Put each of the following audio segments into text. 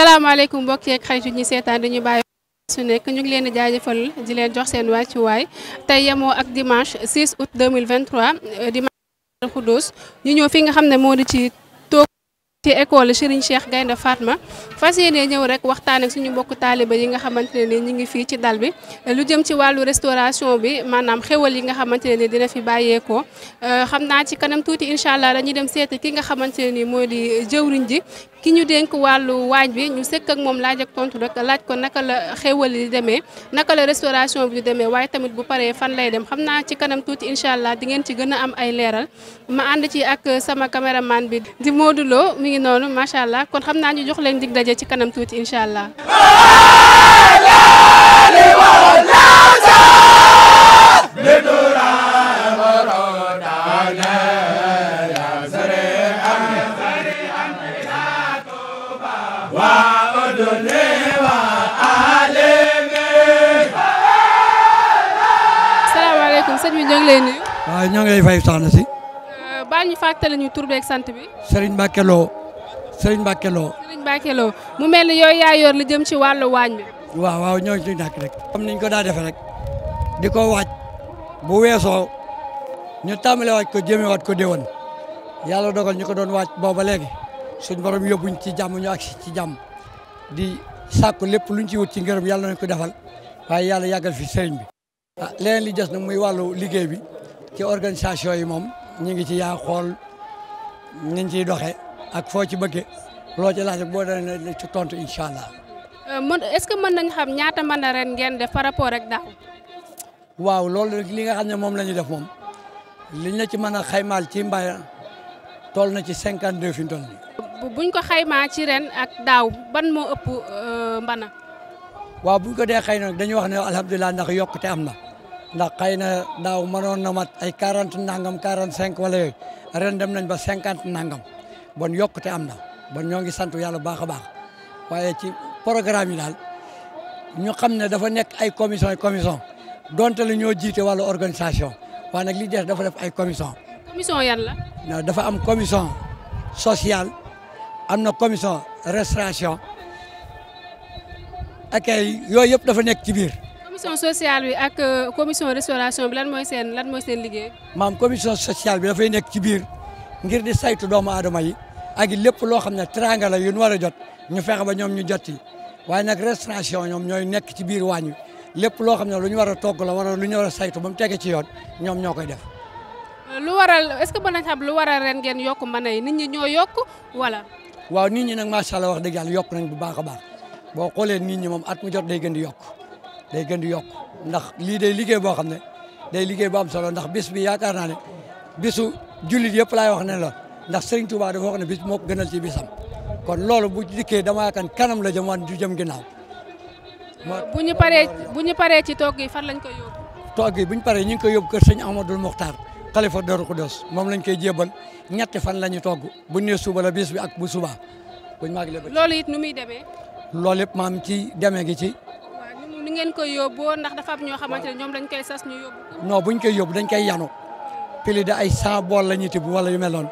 salaamaaleykum mbokk yeeg xarit yi ñu seetaan dañu bàyyi su nekk ñu ngi leen di jaajëfal di leen jox seen wàccuwaay tey yemoo ak dimanche 6 août 2023 dimanche Xuddoos ñu ñëw fi nga xam ne moo di ci ci école Serigne Cheikh Gaynde Fatma fas yéene ñëw rek waxtaan ak suñu mbokk taaliba yi nga xamante ne ñu ngi fii ci dal bi lu jëm ci wàllu restauration bi maanaam xéwal yi nga xamante ne ni dina fi bàyyeekoo euh, xam naa ci kanam tuuti incha allah dañuy dem seeti ki nga xamante ne ni moo di jëwriñ ji ki ñu dénk wàllu waañ bi ñu sëkk ak moom laaj ak tontu laaj ko naka la xéwal yi demee naka la restauration bi di demee waaye tamit bu paree fan lay dem xam naa ci kanam tuuti incha allah di ci gën a am ay leeral ma ànd ci ak sama caméraman bi di Modou Lo mi ngi noonu kon xam naa ñu jox leen dig daje ci kanam tuuti incha allah. salaamaaleykum sëñ bi ñoo ngi lay nuyu. waaw ñoo ngi lay fay soxna si. Fall ñu fàttali ñu tur beeg sant bi. Serigne Mbacke Lo Serigne Mbacke Lo. Serigne Mbacke mu mel ni yooyu yaa yor lu jëm ci wàllu waañ bi. waaw waaw ñoo ci nekk rek. comme niñ ko daa defee rek di ko waaj bu weesoo ñu tàmbale waaj ko jëme waat ko déwén yàlla dogal ñu ko doon waaj ba léegi suñ borom yóbbuñ ci jàmm ñu agsi ci jàmm di sàkku lépp luñ ci wut ci ngërëm yàlla nañu ko defal waaye yàlla yàggal fi sëriñ bi. ah leneen li des nag muy wàllu liggéey bi ci organisation yi moom. ñu ngi ci yaa xool niñ ciy doxee ak foo ci bëggee loo ci laaj boo dana ci tontu incha allah. Euh, mën est-ce que mën nañ xam ñaata mën na ren ngeen def par rapport ak daaw. waaw loolu li nga xam ne moom la ñu def moom liñ la ci mën xaymaal ci mbay toll na ci cinquante deux fi mu toll buñ ko xaymaa ci ren ak daaw ban moo ëpp euh, mbana. waaw buñ ko dee xay nag dañuy wax ne alhamdulilah ndax yokkute am na. ndax xëy na daaw mënoon na mat ay quarante nangam quarante cinq wala yooyu ren dem nañ ba cinquante nangam bon yokkute am na bon ñoo ngi sant yàlla baax a baax waaye ci programme yi daal ñu xam ne dafa nekk ay commission commission donte la ñoo jiite wàllu organisation waaye nag li des dafa def ay commission commission yan la. dafa am commission sociale am na commission restauration ak yooyu yëpp dafa nekk ci biir. commission sociale bi ak euh, commission restauration bi lan mooy seen lan mooy seen liggéey. maam commission sociale bi dafay nekk ci biir ngir di saytu doomu aadama yi ak lépp loo xam ne teraanga la yu ñu war a jot ñu fexe ba ñoom ñu jot yi waaye nag restauration ñoom ñooy nekk ci biir waañ wi lépp loo xam ne lu ñu war a togg la wara lu ñu war a saytu ba mu tege ci yoon ñoom ñoo koy def. Euh, lu waral est-ce que mën nañ xam lu waral ren ngeen yokk mën a yi nit ñi ñoo yokk wala. waaw nit ñi nag macha allah wax dëgg yàlla yokk nañ bu baax a baax boo xoolee nit ñi moom at mu jot day gën di yokk day gën di yokk ndax lii day liggéey boo xam ne day liggéey boo am solo ndax bis bi yaakaar naa ne bisu jullit yëpp laay wax ne la ndax Serigne Touba dafa wax ne bis moo ko gënal ci bisam kon loolu bu dikkee dama yaakaar kanam la jëm wan jëm ginnaaw. bu ñu paree bu ñu paree ci toog yi fan lañ koy yóbbu. toog yi bu ñu paree ñu ngi koy yóbbu kër sëñ Amadou Mokhtar xalifa Darou Khoudoss moom lañ koy jébal ñetti fan la ñu togg bu ñu nee suba bi ak bu subaa. loolu it nu demee. loolu yëpp maam ci demee gi ci bi ngeen koy yóbboo ndax dafa am ñoo xamante ne ñoom dañ koy sas ñu yóbbu ko. non buñ koy yóbbu dañ koy yanu pili da ay 100 bool la ñuy tibb wala yu mel noonu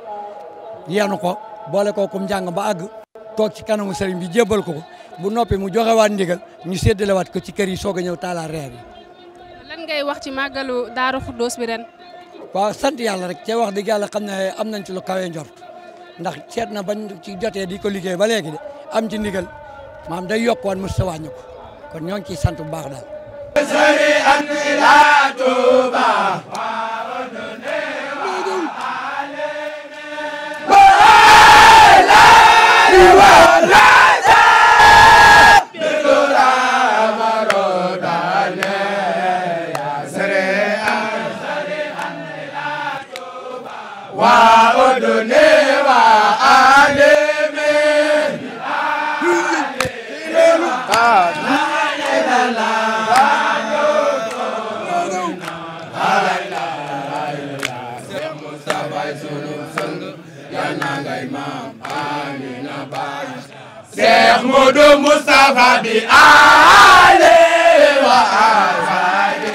yanu ko boole ko kum jàng ba àgg. toog ci kanamu sëriñ bi jébbal ko ko bu noppi mu joxewaat ndigal ñu séddalewaat ko ci kër yi soog a ñëw taalaa reer yi. lan ngay wax ci màggalu Daaru Xuddoos bi ren. waaw sant yàlla rek cee wax dëgg yàlla xam ne am nañ ci lu kawe njort ndax seet na bañ ci jotee di ko liggéey ba léegi de am ci ndigal maam day yokk mos sa wàññi ko kon ñoo ngi ciy sant bu baax daal. waa Maodo Moustapha bi ale wa asabi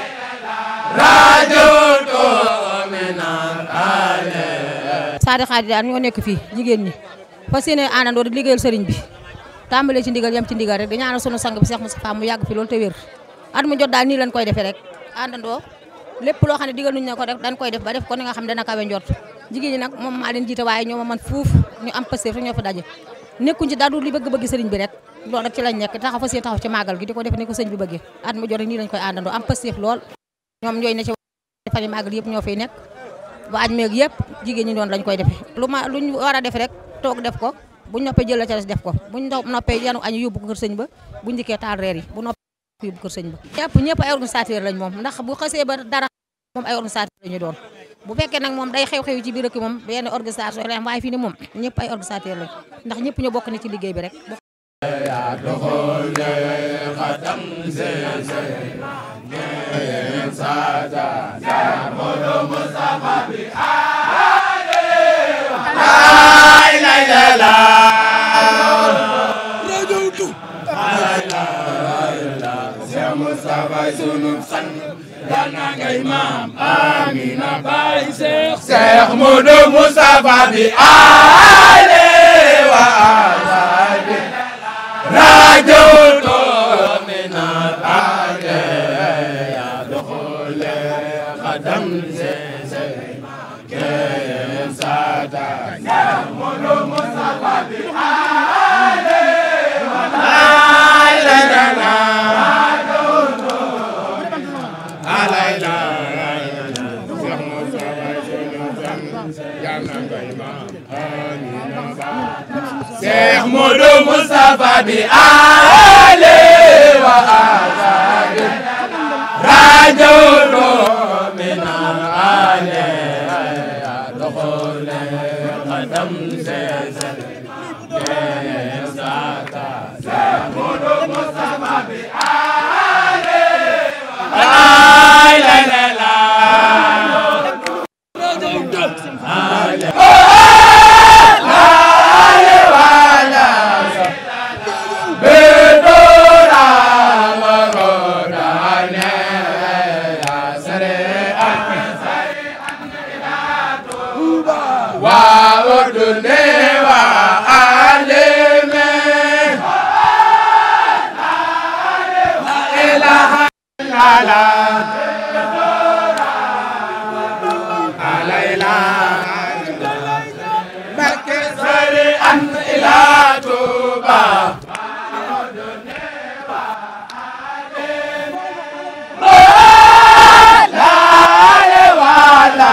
rajo to menal ale Sadi Khady daal ñoo fii jigéen ñi fas yéene àndandoo di liggéeyal sëriñ bi tàmbalee ci ndigal yem ci ndigal rek dañu ànd sunu sang bi Cheikh Moustapha mu yàgg fi loolu te wér at mu jot daal nii lañ koy defee rek àndandoo lépp loo xam ne digal nuñ ne ko rek dañ koy def ba def ko ni nga xam ne dana kawe njort jigéen nak nag moom maa waaye ñoo ma man fuuf ñu am pastéef ñoo fa daje nekkuñ ci daadu li bëgg-bëgg sëriñ bi rek loolu rek ci lañ nekk taxaw fa seen taxaw ci màggal gi di ko def ni sëñ bi bëggee at mu jot rek nii lañ koy àndandoo am pastéef lool ñoom ñooy ne ci famille màggal yëpp ñoo fiy nekk ba meeg yëpp jigéen ñi doon lañ koy defee lu ma luñ war a def rek toog def ko bu noppee jël la ca des def ko buñ noppee yanu añu yóbbu ko kër sëñ ba bu dikkee taal reer yi bu noppee yóbbu kër sëñ ba ñëpp ñëpp ay organisateur lañ moom ndax bu xasee ba dara moom ay organisateur lañu doon bu fekkee nag moom day xew-xew ci biir rek moom benn organisation la waaye fii ne moom ñëpp ay organisateur lañ ndax ñëpp ñu bokk ne ci liggéey bi rek. la ngay maam Amina Baye Cheikh Cheikh Modou Moustapha bi ale wa alabi rajo to mina bage ya doxole xadam se se ke sada Cheikh Modou Moustapha bi ale فبآله وأصحابه رجل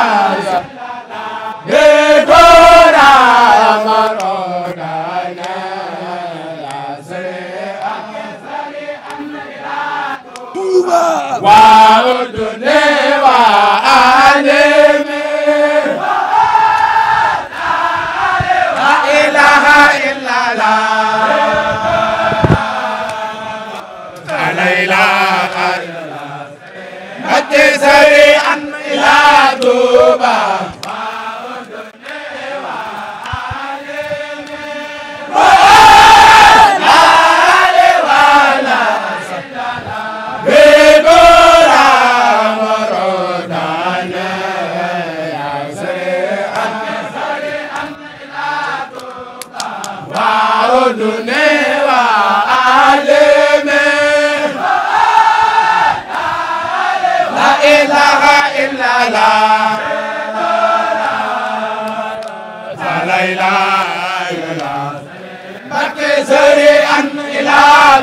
yaa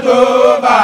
Touba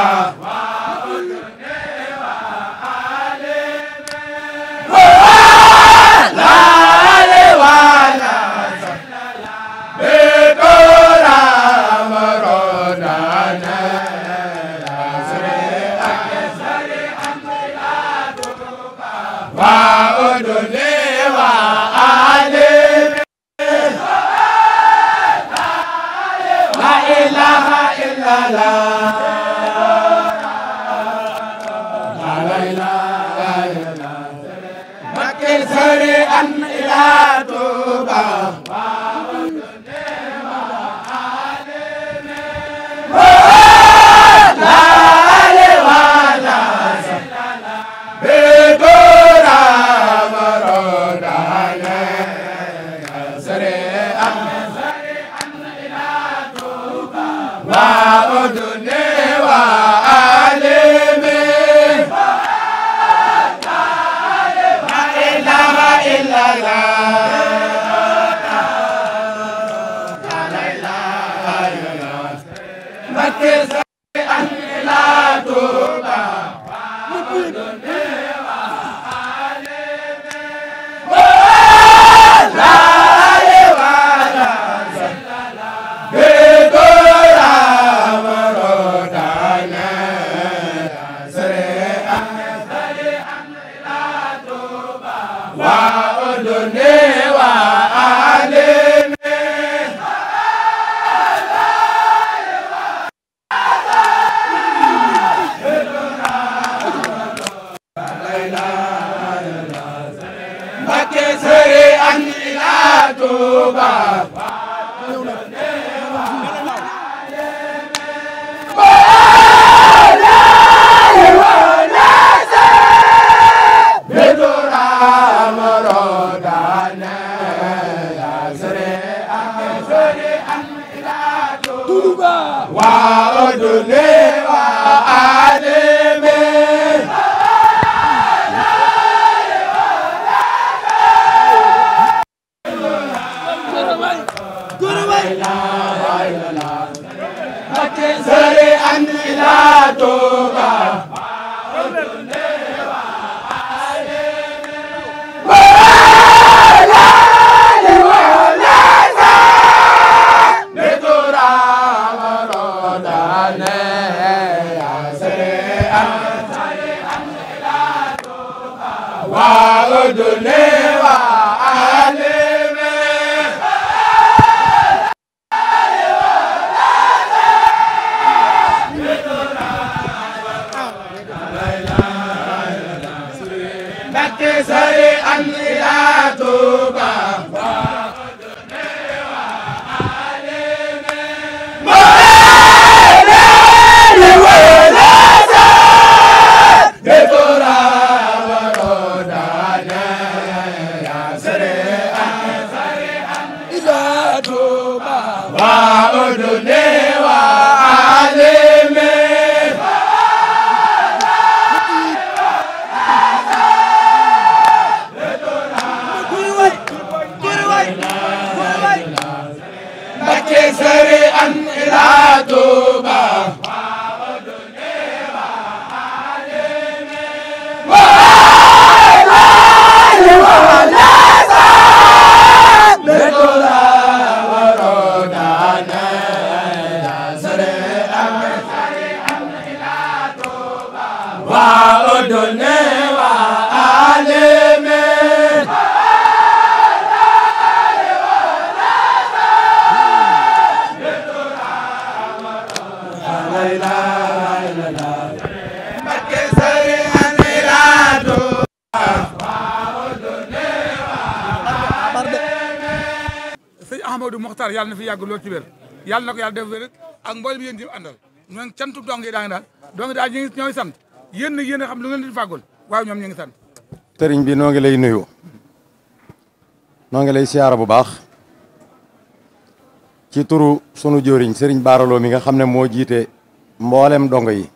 la toba Mbàkke sare am ila Tuuba Matar na fi yàgg lool ci wér yàlla na ko yàlla def wér ak mboolem yéen di àndal ñoo cantu dong yi daa ngi daal dong daal ñu ngi sant yéen nag yéen a xam lu ngeen di fàggul waaye ñoom ñu ngi sant sëriñ bi noo ngi lay nuyu noo ngi lay siyaara bu baax ci turu sunu jëriñ sëriñ baaraloo mi nga xam ne moo jiite mboolem dong yi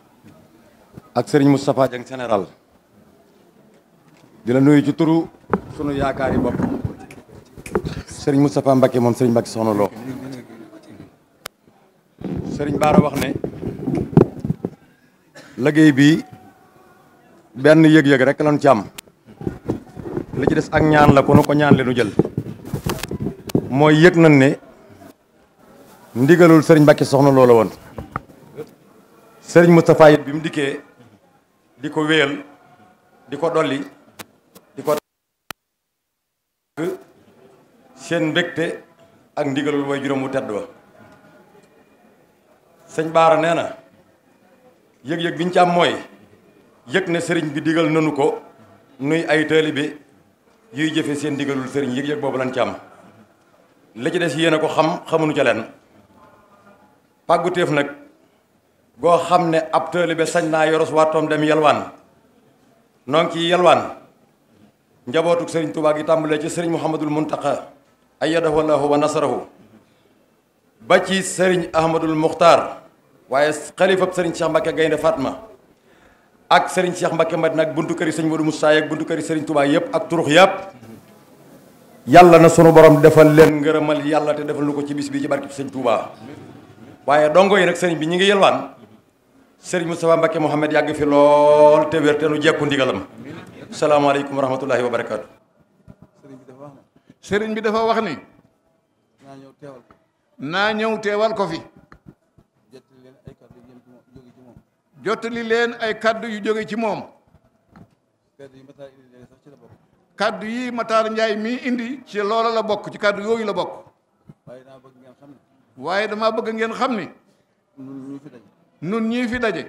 ak sëriñ Moustapha Dieng général di la nuyu ci turu sunu yaakaar bopp sëriñ Moustapha Mbacke moom sëriñ Mbacke soxna loo sëriñ Baara wax ne liggéey bi benn yëg-yëg rek lañ ci am li ci des ak ñaan la kono ko ñaan leenu jël mooy yëg na ne ndigalul sëriñ Mbacke soxna loo la woon sëriñ Moustapha it bi mu dikkee di ko wéyal di ko dolli di ko seen mbégte ak ndigalul way juróom wu tedd wa sëñ Baara nee na yëg-yëg bi ñu ci am mooy yëg ne sëriñ bi digal nanu ko nuy ay taalibe yuy jëfe seen digalul sëriñ yëg-yëg boobu lañ ci am li ci des yéen a ko xam xamuñu ca leen pàggu nag goo xam ne ab taalibe sañ naa yoros waatoom dem yalwaan noo ngi ciy yalwaan njabootuk sëriñ Tuubaa gi tàmbalee ci sëriñ Muhammadul Muntaqa ayyadahu allahu wa nasarahu ba ci sëriñ ahmadul muxtaar waaye xalifab sëriñ Cheikh Mbacke Gaynde Fatma ak sëriñ Cheikh Mbacke Madina ak buntu kër sëñ Modou Moussa ak buntu kër yi sëriñ Touba yëpp ak turux yàpp yàlla na sunu borom defal leen ngërëmal yàlla te defal nu ko ci bis bi ci barkeb sëñ Touba waaye dongo yi nag sëriñ bi ñu ngi yelwaan sëriñ Moustapha Mbacke Mouhamed yàgg fi lool te wér te nu jekku ndigalam salaamaaleykum wa rahmatullahi wa barakaatu. sëriñ bi dafa wax ni. naa ñëw teewal ko. naa ñëw teewal ko fi. jottali leen ay kaddu yu jóge ci moom. jottali leen ay kaddu yu jóge ci moom. kaddu yi Matar indi léegi ci la bokk. kaddu yi Matar Ndiaye mii indi ci loola la bokk ci kaddu yooyu la bokk. waaye damaa bëgg ngeen xam ni. waaye damaa bëgg ngeen xam ni. nun ñii fi daje. nun ñii fi daje.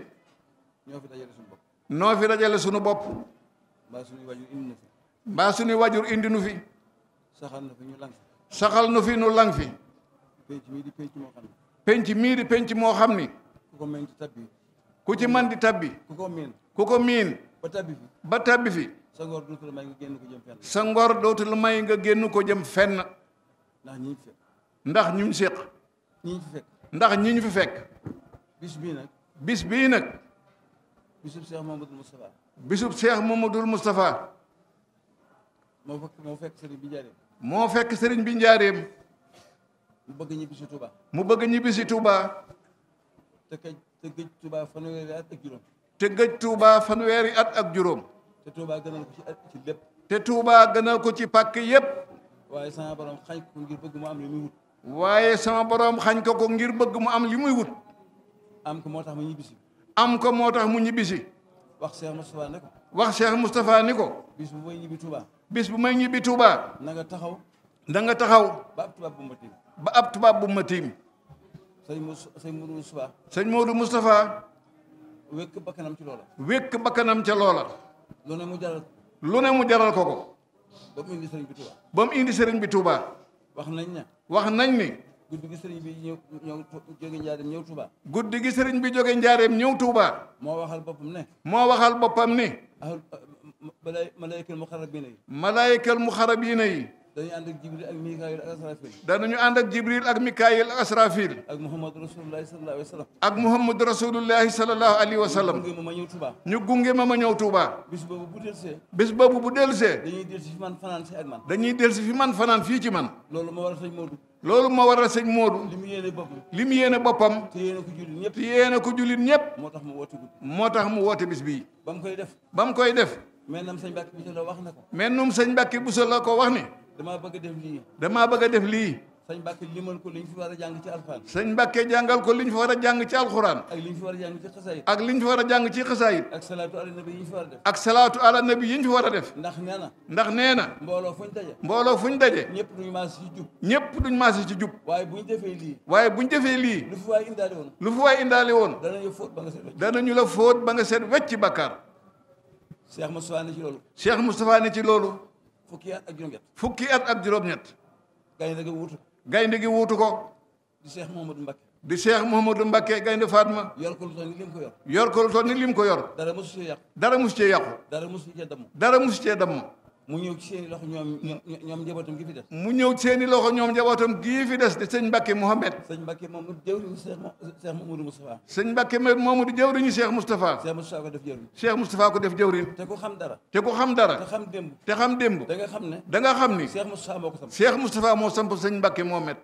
ñoo fi dajale suñu bopp. noo fi dajale suñu bopp. mbaa suñuy wajur indinu fi. mbaa suñuy wajur indi nu fi. saxal na fi ñu lang fi. saxal na fi ñu lang fi. penc mii di penc moo xam ni. penc mii penc moo xam ni. ku ko mën di ku ci man di tabbi. ku ko miin. ku ko ba tabbi fi. sa ngor dootu la may nga génn ko jëm fenn. sa ngor dootu la may nga génn ko jëm fenn. ndax ñi ñu ndax ñu ngi séq. ñi ñu ndax ñi ñu fi fekk. bis bii nag. bis bii nag. bisub Cheikh Mamadou Moustapha. bisub Cheikh Mamadou Moustapha. moo fekk moo fekk sëriñ bi njaareem. moo fekk sëriñ bi njaareem. mu bëgg ñibbi si mu bëgg ñibbisi si Touba. te gëj te gëj Touba fanweeri at ak juróom. te gëj gënal ko ci at ci lépp. te Touba gënal ko ci pàkk yépp waaye sama borom xañ ko ngir bëgg mu am li muy wut. waaye sama borom xañ ko ko ngir bëgg mu am li muy wut. am ko moo tax mu ñibbisi. am ko moo tax mu ñibbisi. wax Cheikh Moustapha ne ko. wax Cheikh Moustapha ni ko. bis bu may ñibbi Touba. bis bu may ñibbi Touba. na nga taxaw. na nga taxaw. ba ab tubaab bu ma tiim. ba ab tubaab bu ma tiim. sëñ Modou Moustapha. sëñ Modou Moustapha. wékk bakkanam ci loola. wékk bakkanam ca loola. lu ne mu jaral. lu ne mu jaral ko ko. ba mu indi sëriñ bi Touba. ba mu indi sëriñ bi Touba. wax nañ ne. wax nañ ni. guddi gi sëriñ bi ñëw ñëw jóge njaareem ñëw Touba. sëriñ bi jóge njaareem ñëw Touba. moo waxal boppam moo waxal boppam ni. malaayikal muxarabiina yi malaayikal muxarabiina yi dañu ànd ak jibril ak mikaayil ak asrafil danañu ànd ak jibril ak mikaayil ak asrafil ak muhammadu rasulullahi sallallahu alayhi wa sallam ak muhammadu rasulullahi sallallahu alayhi wa sallam ñu gunge ma ma ñëw tuuba ñu gunge ma ma ñëw tuuba bis boobu bu delsee bis boobu bu delsee dañuy delsi fi man fanaan ak man dañuy delsi fi man fanaan fii ci man loolu ma war a sëñ Moodu loolu ma war a sëñ Moodu li mu yéene boppam li mu yéene boppam te yéene ko jullit ñëpp te yéene ko ñëpp moo tax mu woote guddi moo tax mu woote bis bii ba mu koy def ba mu koy def mais nam sëñ Mbàkke Buso la wax na ko. mais num sëñ Mbàkke Buso la ko wax ni. damaa bëgg def lii. damaa bëgg a lii. sëñ Mbàkke limal ko li ñu fi war a jàng ci alxuraan. sëñ Mbàkke jàngal ko li ñu fi a jàng ci alxuraan. ak li ñu fi war a jàng ci xasaayit. ak li ñu war a jàng ci xasaayit. ak salaatu ala nabi yi ñu fi war a def. ak salaatu ala nabi yi ñu fi war a def. ndax nee na. ndax nee na. mbooloo fuñ daje. mbooloo fu ñu daje. ñëpp duñ maas ci jub. ñëpp duñ maas ci jub. waaye buñ defee lii. waaye bu ñu defee lii. lu fi waay indaale woon. lu fi waay indaale woon. danañu la fóot ba nga set wecc. danañu la fóot ba nga set bàkkaar Cheikh Moustapha ne ci loolu. Cheikh Moustapha ci loolu. fukki at ak juróom-ñett. fukki at ak juróom-ñett. gaynde gi wuutu. gaynde gi wuutu ko. di Cheikh Mouhamadou Mbacke. di Cheikh Mouhamadou Mbacke gaynde Fatma. yor ko lu toll ni lim ko yor. yor ko lu toll ni lim ko yor. dara mosu cee yàqu. dara mosu cee yàqu. dara mosu cee damm. dara mosu cee mu ñëw ci loxo ñoom ñoom njabootam gi fi des. mu ñëw ci seen i loxo ñoom njabootam gii fi des di sëñ Mbacke Mouhamed. sëñ Mbacke moom mu jëwriñu Cheikh Mamadou Moustapha. sëñ Mbacke moomu di jëwriñu Cheikh Moustapha. Cheikh Moustapha ko def jëwriñ. Cheikh Moustapha ko def jëwriñ. te ku xam dara. te ku xam dara. te xam démb. te xam démb. da nga xam ne. da nga xam ni. Cheikh Moustapha moo ko samp. Cheikh Moustapha moo samp sëñ Mbacke Mouhamed.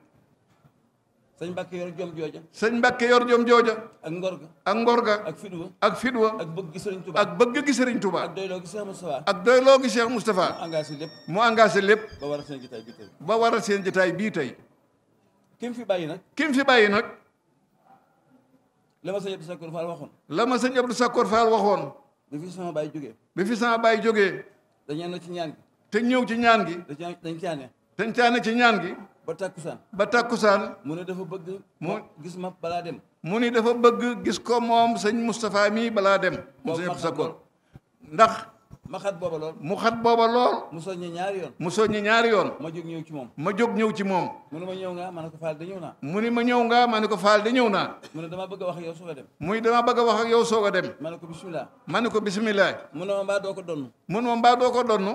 sëñ Mbàkke yor jom jooja. sëñ Mbàkke yor jom jooja. ak ngor ga. ak ngor ga. ak fidwa ak fidwa. ak bëgg gi sëriñ Touba. ak bëgg gi sëriñ Touba. ak doyloo gi Cheikh Moustapha. ak doyloo gi Cheikh Moustapha. mu engagé lépp. mu engagé lépp. ba waral seen jotaay bii tey. ba waral seen jotaay bii tey. kim fi bàyyi nag. kim fi bàyyi nag. la ma sëñ Abdou Sakkoor Fall waxoon. la ma sëñ Abdou Sakkoor Fall waxoon. bi fi sama bàyyi jógee. bi fi sama bàyyi jógee. dañu ñëw ci ñaan gi. te ñëw ci ñaan gi. dañ caa ne. dañ caa ne ci ñaan gi ba takkusaan ba takkusaan mu ne dafa bëgg. mu gis ma balaa dem. mu ni dafa bëgg gis ko moom sëñ mustafaa mii balaa dem. mu sëñ sa ko ndax. ma xat booba mu xat booba lool. mu soññi ñaari yoon. mu soññi ñaari yoon. ma jóg ñëw ci moom. ma jóg ñëw ci moom. mu ni ma ñëw ngaa ma ne ko faal da ñëw naa. mu ni ma ñëw ngaa ma ne ko faal da ñëw naa. mu ne dama bëgg wax ak yow soog a dem. muy dama bëgg wax ak yow soog a dem. ma ne ko bisimilah. ma ne ko bisimilah. mu ne ma mbaa doo ko donnu. mu ne ma mbaa doo ko donnu.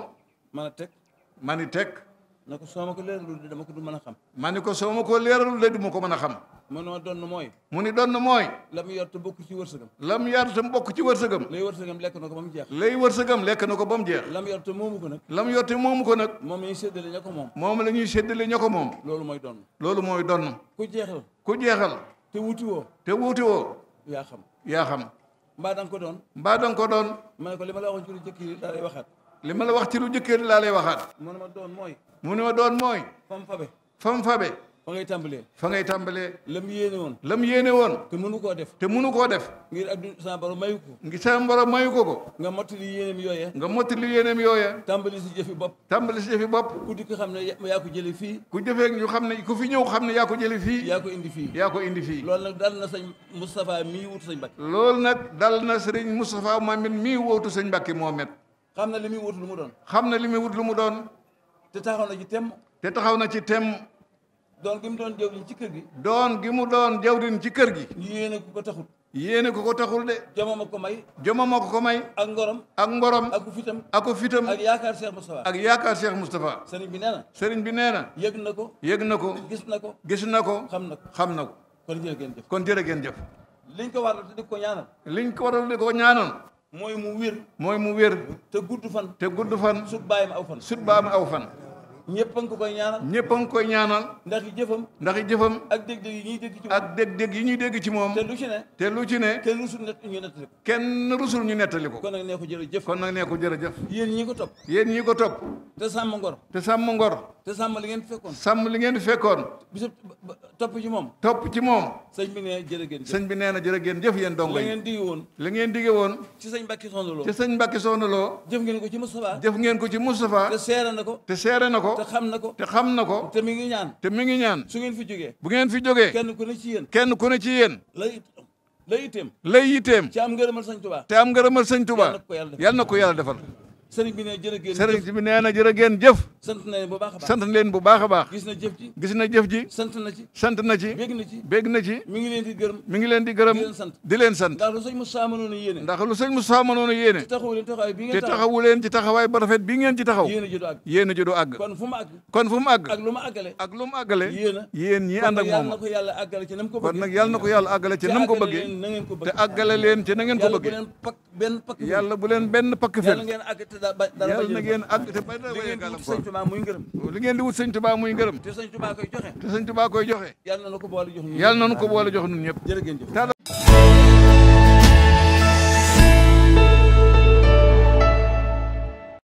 ma ne teg. ma ni teg. na ko soo ma ko leeralul de dama ko du mën a xam. ma ni ko soo ma ko leeralul de du ma ko mën a xam. mënoo donn mooy. mu ni donn mooy. la mu yor te bokk ci wërsëgam. la mu bokk ci wërsëgam. lay wërsëgam lekk na ko ba lekk na ko jeex. la mu yor te moomu ko nag. la moom la ñuy séddale ña moom. moom la ñuy séddale ña ko moom. mooy doon loolu mooy donn. ku jeexal. ku jeexal. te wuti woo. te wuti woo. yaa xam yaa xam. mbaa da ko doon. mbaa da ko doon. ma ne ko li ma la waxoon ci lu jëkk lay waxaat li ma la wax ci lu jëkkër laa lay waxaat. mu ne ma doon mooy. mu doon mooy. fam fabe. fam fabe. fa ngay tàmbalee. fa ngay tàmbalee. lam mu woon. lam mu yéene woon. te mënu koo def. te mënu koo def. ngir addu sa borom mayu ko. ngir sa borom mayu ko ko. nga mottali yéeneem yooya. nga mottali yéeneem yooya. tàmbali si jëfi bopp. tàmbali si jëfi bopp. ku dikk xam ne yaa ko jëlee fii. ku jëfee ñu xam ne ku fi ñëw xam ne yaa ko fii. yaa indi fii. yaa indi fii. loolu nag dal na sëñ Moustapha mii wutu sañ Mbacke. loolu nag dal na sëriñ Moustapha Mamine mii wutu sëñ Mbacke moo met xam na li muy wut lu mu doon. xam na li muy wut lu mu doon. te taxaw na ci tem. te taxaw na ci tem. doon gi mu doon jawriñ ci kër gi. doon gi mu doon jawriñ ci kër gi. yéene ku ko taxul. yéene ku ko taxul de. joma ma ko may. joma ma ko may. ak ngorom. ak ngorom. ak fitam. ak fitam. ak yaakaar Cheikh Moustapha. ak yaakaar Cheikh Moustapha. sëriñ bi nee na. sëriñ bi nee na. na ko. yëg na ko. gis na ko. gis na ko. xam na ko xam na ko. kon jërë ngeen jëf. kon jërë ngeen jëf. liñ ko waral di ko ñaanal. liñ ko waral di mooy mu wér. mooy mu wér. te gudd fan. te gudd fan. sut baayam aw fan. sut baayam aw fan. ñëpp a ko koy ñaanal. ñëpp a ngi koy ñaanal. ndax jëfam. ndax jëfam. ak dégg yi ñuy dégg ci ak dégg-dégg yi ñuy dégg ci moom. te lu ci ne. te lu ci ne. kenn rusul ñu nettali ko. kenn rusul ñu nettali ko. kon nag nee ko jërëjëf. kon nag nee ko jërëjëf. yéen ñi ko topp. yéen ñi ko topp. te sàmm ngor. te sàmm ngor. te sàmm li ngeen fekkoon. sàmm li ngeen fekkoon. bisu topp ci moom. topp ci moom. sëñ bi nee jërë ngeen jëf. bi nee na jërë ngeen jëf yéen dongo yi. li ngeen digge woon. li ngeen digge woon. ci sëñ Mbacke Soxna Lo. ci Lo. jëf ngeen ko ci Moustapha. jëf ngeen ko ci Moustapha. seere na ko. te seere na ko. ko te xam na ko te xam na ko te mi ngi ñaan te mi ngi ñaan su ngeen fi jógee bu ngeen fi jógee kenn ku ne ci yéen kenn ku ne ci yéen lay lay yitteem lay yitteem ci am ngërëmal sëñ Tuubaa te am ngërëmal sëñ Tuubaa yàlla na ko yàlla defal sëriñ bi nee jërë ngeen jëf sëriñ bi nee na jërë ngeen jëf. sant na leen bu baax a baax sant na leen bu baax a baax. gis na jëf ji gis na jëf ji. sant na ci sant na ci. bég na ci bég na ci. mi ngi leen di gërëm mi ngi leen di gërëm. di leen sant di leen sant. ndax lu sëñ Moussa mënoon a yéene. ndax lu sëñ Moussa mënoon a yéene. te taxawu leen taxawaay bi ngeen taxaw te taxawu leen ci taxawaay ba rafet bi ngeen ci taxaw. yéen a judu àgg yéen a judu àgg. kon fu mu àgg kon fu mu àgg. ak lu mu àggale ak lu mu àggale. yéen ñi ànd ak moom kon nag yàlla na ko yàlla àggale ci nam ko bëggee te àggale leen ci na ngeen ko bëggee yàlla bu leen benn pakk fel da ba dara te ba dara bañ a gàllankoor oh, li ngeen di wut sëñ Tuubaa muy ngërëm li ngeen te sëñ koy joxe te sëñ Tuubaa koy joxe yàlla na nu ko boole jox ñun yàlla na nu